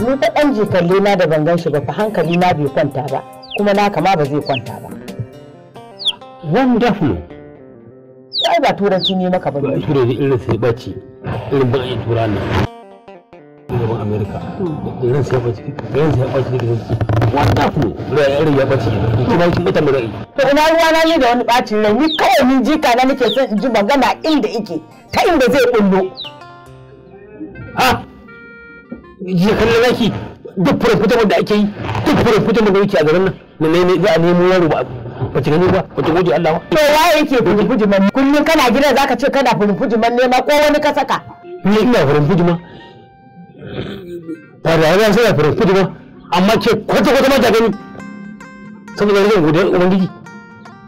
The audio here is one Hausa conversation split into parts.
ni fa ɗan jikalle na da ban ganshi ba fa hankali na bai kwanta ba kuma na kama ba zai kwanta ba wonderful ai ba turanci ne maka ba ne turanci irin sai bacci irin ban ayi turan nan gaban america irin sai bacci irin sai bacci irin sai wonderful rai irin ya bacci kuma shi mutan rai to ina ruwa na ne da wani bacin rai ni kawai ni jika na nake son in ji magana inda ike ta inda zai kullo ha jiya kallon naki duk fura da ake yi duk fura fitar da yake a garin nan na ne za a nemo yaro ba ba ta gani ba ba ta gode Allah ba to waye yake fura man kullun kana gida zaka ce kana fura fujiman ne ma ko wani ka saka ni ina fura man ba da ya sai fura man amma ke kwata kwata ma ta gani saboda zan gode ubangiji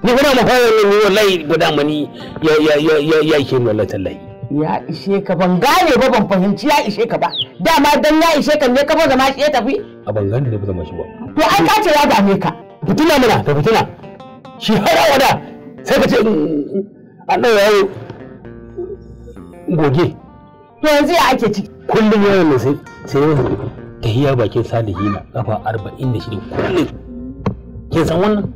ni kuma na fara ne wallahi gudan mani ya ya ya ya ke wallahi tallahi ya ishe ka ban gane ba ban fahimci ya ishe ka ba dama dan ya ishe ka ne ka ba zama shi ya tafi a ban gane ne ba zama shi ba to an kace ya dame ka fituna mana da fituna shi har wada sai ka ce mm, mm, mm, an ɗau yawo goge to yanzu ya ake ciki kullum yawan ne sai sai yawan tahiya bakin salihina kafa arba'in da shida kullum kin san wannan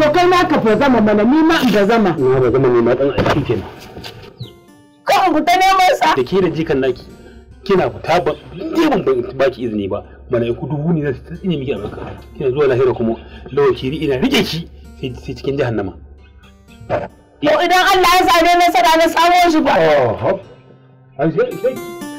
To kai ma ka fa zama mana ni ma da zama. Na da zama ne ma dan aiki kenan. Kan ta neman sa. Da ke da jikan naki kina fita ba ni ban ban ki izini ba mana ku dubu ne za tsine miki albarka kina zuwa lahira kuma lawaki ri ina rike ki sai cikin jahannama. Ko idan Allah ya same ni sada na samu shi ba. Oh, hop. Ai sai sai